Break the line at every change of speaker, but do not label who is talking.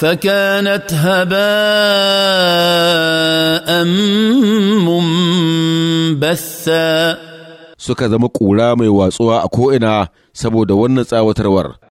فكانت هباء منبثا suka zama ƙura mai watsuwa a
ko'ina saboda wannan tsawatarwar.